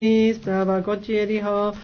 správa Gotieriho